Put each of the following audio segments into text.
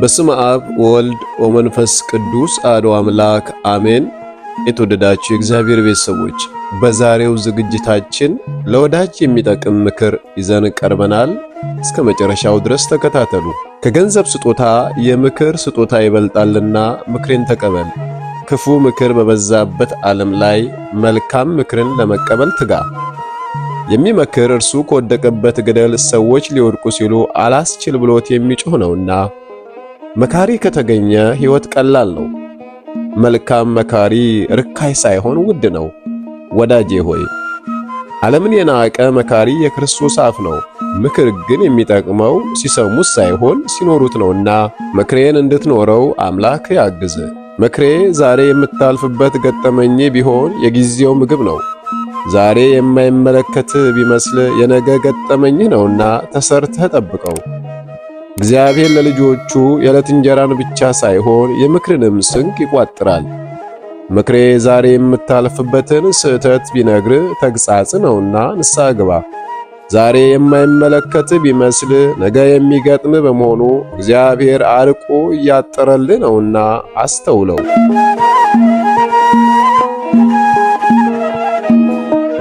በስም አብ ወልድ ወመንፈስ ቅዱስ አሐዱ አምላክ አሜን። የተወደዳችሁ የእግዚአብሔር ቤተሰቦች በዛሬው ዝግጅታችን ለወዳጅ የሚጠቅም ምክር ይዘን ቀርበናል። እስከ መጨረሻው ድረስ ተከታተሉ። ከገንዘብ ስጦታ የምክር ስጦታ ይበልጣልና ምክሬን ተቀበል። ክፉ ምክር በበዛበት ዓለም ላይ መልካም ምክርን ለመቀበል ትጋ። የሚመክር እርሱ ከወደቀበት ገደል ሰዎች ሊወድቁ ሲሉ አላስችል ብሎት የሚጮህ ነውና መካሪ ከተገኘ ሕይወት ቀላል ነው። መልካም መካሪ ርካይ ሳይሆን ውድ ነው። ወዳጄ ሆይ ዓለምን የናቀ መካሪ የክርስቶስ አፍ ነው። ምክር ግን የሚጠቅመው ሲሰሙት ሳይሆን ሲኖሩት ነውና ምክሬን እንድትኖረው አምላክ ያግዝ። ምክሬ ዛሬ የምታልፍበት ገጠመኝ ቢሆን የጊዜው ምግብ ነው። ዛሬ የማይመለከትህ ቢመስል የነገ ገጠመኝ ነውና ተሰርተህ ጠብቀው። እግዚአብሔር ለልጆቹ የዕለት እንጀራን ብቻ ሳይሆን የምክርንም ስንቅ ይቋጥራል። ምክሬ ዛሬ የምታልፍበትን ስህተት ቢነግር ተግሳጽ ነውና ንስሐ ግባ። ዛሬ የማይመለከት ቢመስል ነገ የሚገጥም በመሆኑ እግዚአብሔር አርቆ እያጠረልህ ነውና አስተውለው።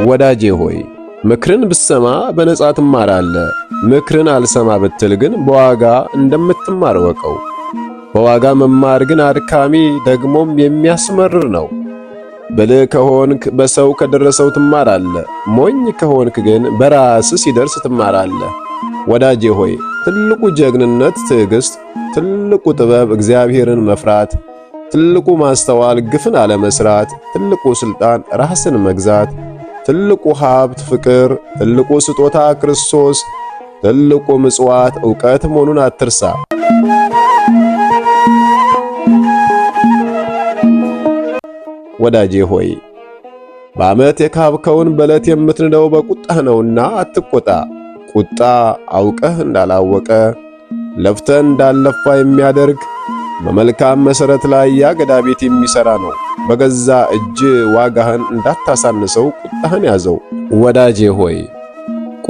ወዳጄ ሆይ ምክርን ብሰማ በነጻ ትማራለ። ምክርን አልሰማ ብትል ግን በዋጋ እንደምትማር ወቀው። በዋጋ መማር ግን አድካሚ ደግሞም የሚያስመርር ነው። ብልህ ከሆንክ በሰው ከደረሰው ትማራለ። ሞኝ ከሆንክ ግን በራስ ሲደርስ ትማራለ። ወዳጄ ሆይ ትልቁ ጀግንነት ትዕግስት፣ ትልቁ ጥበብ እግዚአብሔርን መፍራት፣ ትልቁ ማስተዋል ግፍን አለመስራት፣ ትልቁ ስልጣን ራስን መግዛት ትልቁ ሀብት ፍቅር፣ ትልቁ ስጦታ ክርስቶስ፣ ትልቁ ምጽዋት ዕውቀት መሆኑን አትርሳ። ወዳጄ ሆይ በዓመት የካብከውን በለት የምትንደው በቁጣህ ነውና አትቆጣ። ቁጣ አውቀህ እንዳላወቀ ለፍተህ እንዳለፋ የሚያደርግ በመልካም መሰረት ላይ ያገዳ ቤት የሚሰራ ነው። በገዛ እጅ ዋጋህን እንዳታሳንሰው ቁጣህን ያዘው። ወዳጄ ሆይ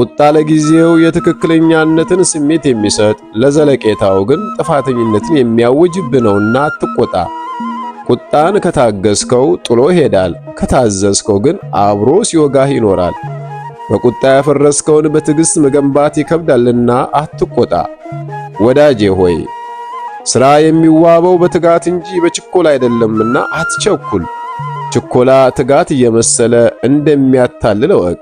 ቁጣ ለጊዜው የትክክለኛነትን ስሜት የሚሰጥ ለዘለቄታው ግን ጥፋተኝነትን የሚያውጅብ ነውና አትቆጣ። ቁጣን ከታገስከው ጥሎ ይሄዳል፣ ከታዘዝከው ግን አብሮ ሲወጋህ ይኖራል። በቁጣ ያፈረስከውን በትዕግሥት መገንባት ይከብዳልና አትቆጣ። ወዳጄ ሆይ ሥራ የሚዋበው በትጋት እንጂ በችኮላ አይደለምና አትቸኩል። ችኮላ ትጋት እየመሰለ እንደሚያታልል እወቅ።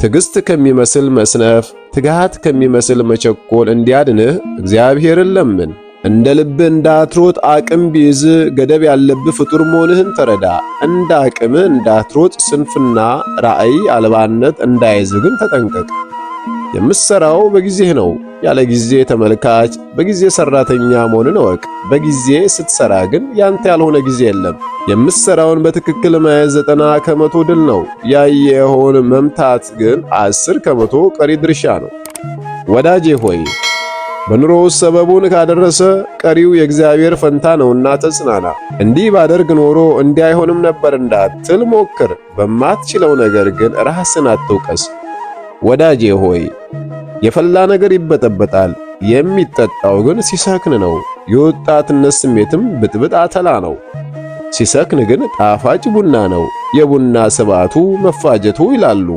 ትዕግሥት ከሚመስል መስነፍ፣ ትጋት ከሚመስል መቸኮል እንዲያድንህ እግዚአብሔርን ለምን። እንደ ልብ እንዳትሮጥ አቅም ቢይዝ ገደብ ያለብህ ፍጡር መሆንህን ተረዳ። እንደ አቅም እንዳትሮጥ ስንፍና፣ ራእይ አልባነት እንዳይዝግን ተጠንቀቅ። የምሰራው በጊዜህ ነው። ያለ ጊዜ ተመልካች፣ በጊዜ ሰራተኛ መሆንን እወቅ። በጊዜ ስትሰራ ግን ያንተ ያልሆነ ጊዜ የለም። የምሰራውን በትክክል መያዝ ዘጠና ከመቶ ድል ነው። ያየኸውን መምታት ግን አስር ከመቶ ቀሪ ድርሻ ነው። ወዳጄ ሆይ በኑሮ ውስጥ ሰበቡን ካደረሰ ቀሪው የእግዚአብሔር ፈንታ ነውና ተጽናና። እንዲህ ባደርግ ኖሮ እንዲህ አይሆንም ነበር እንዳትል ሞክር። በማትችለው ነገር ግን ራስን አትውቀስ። ወዳጄ ሆይ የፈላ ነገር ይበጠበጣል፣ የሚጠጣው ግን ሲሰክን ነው። የወጣትነት ስሜትም ብጥብጥ አተላ ነው። ሲሰክን ግን ጣፋጭ ቡና ነው። የቡና ስባቱ መፋጀቱ ይላሉ።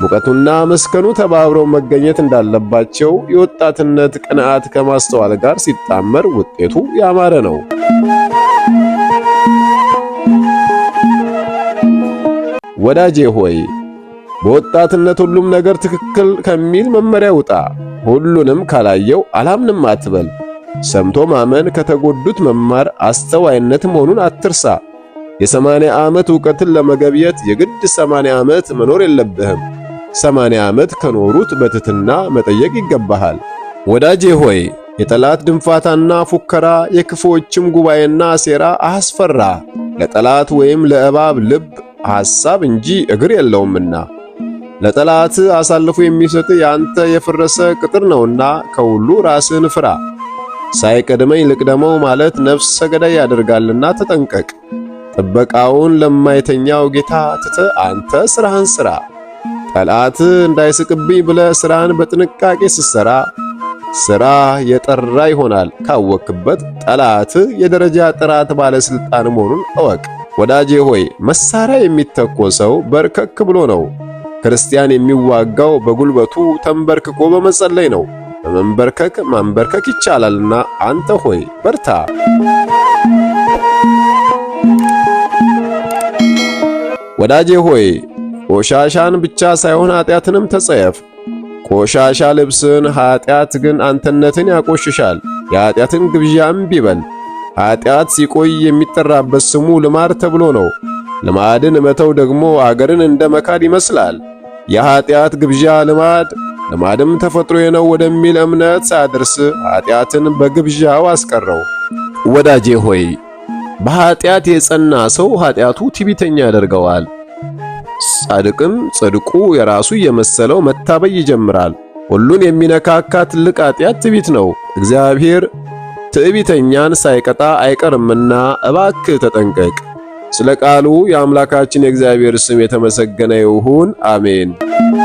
ሙቀቱና መስከኑ ተባብረው መገኘት እንዳለባቸው የወጣትነት ቅንዓት ከማስተዋል ጋር ሲጣመር ውጤቱ ያማረ ነው። ወዳጄ ሆይ በወጣትነት ሁሉም ነገር ትክክል ከሚል መመሪያ ውጣ። ሁሉንም ካላየው አላምንም አትበል። ሰምቶ ማመን ከተጎዱት መማር አስተዋይነት መሆኑን አትርሳ። የሰማንያ ዓመት ዕውቀትን ለመገብየት የግድ ሰማንያ ዓመት መኖር የለብህም። ሰማንያ ዓመት ከኖሩት በትትና መጠየቅ ይገባሃል። ወዳጄ ሆይ የጠላት ድንፋታና ፉከራ የክፉዎችም ጉባኤና ሴራ አስፈራ። ለጠላት ወይም ለእባብ ልብ ሐሳብ እንጂ እግር የለውምና ለጠላት አሳልፎ የሚሰጥ የአንተ የፈረሰ ቅጥር ነውና ከሁሉ ራስን ፍራ። ሳይቀድመኝ ልቅደመው ማለት ነፍሰ ገዳይ ያደርጋልና ተጠንቀቅ። ጥበቃውን ለማይተኛው ጌታ ትተ አንተ ስራህን ስራ። ጠላት እንዳይስቅብኝ ብለ ስራን በጥንቃቄ ስትሰራ ስራ የጠራ ይሆናል። ካወክበት ጠላት የደረጃ ጥራት ባለስልጣን መሆኑን እወቅ። ወዳጄ ሆይ መሳሪያ የሚተኮሰው በርከክ ብሎ ነው። ክርስቲያን የሚዋጋው በጉልበቱ ተንበርክኮ በመጸለይ ነው። በመንበርከክ ማንበርከክ ይቻላልና አንተ ሆይ በርታ። ወዳጄ ሆይ ቆሻሻን ብቻ ሳይሆን ኃጢአትንም ተጸየፍ። ቆሻሻ ልብስን፣ ኃጢአት ግን አንተነትን ያቆሽሻል። የኃጢአትን ግብዣም ቢበል ኃጢአት ሲቆይ የሚጠራበት ስሙ ልማድ ተብሎ ነው። ልማድን መተው ደግሞ አገርን እንደ መካድ ይመስላል። የኀጢአት ግብዣ ልማድ ልማድም ተፈጥሮ ነው ወደሚል እምነት ሳያደርስ ኀጢአትን በግብዣው አስቀረው። ወዳጄ ሆይ በኀጢአት የጸና ሰው ኀጢአቱ ትዕቢተኛ ያደርገዋል። ጻድቅም ጽድቁ የራሱ የመሰለው መታበይ ይጀምራል። ሁሉን የሚነካካ ትልቅ ኀጢአት ትዕቢት ነው። እግዚአብሔር ትዕቢተኛን ሳይቀጣ አይቀርምና እባክህ ተጠንቀቅ። ስለ ቃሉ የአምላካችን የእግዚአብሔር ስም የተመሰገነ ይሁን። አሜን።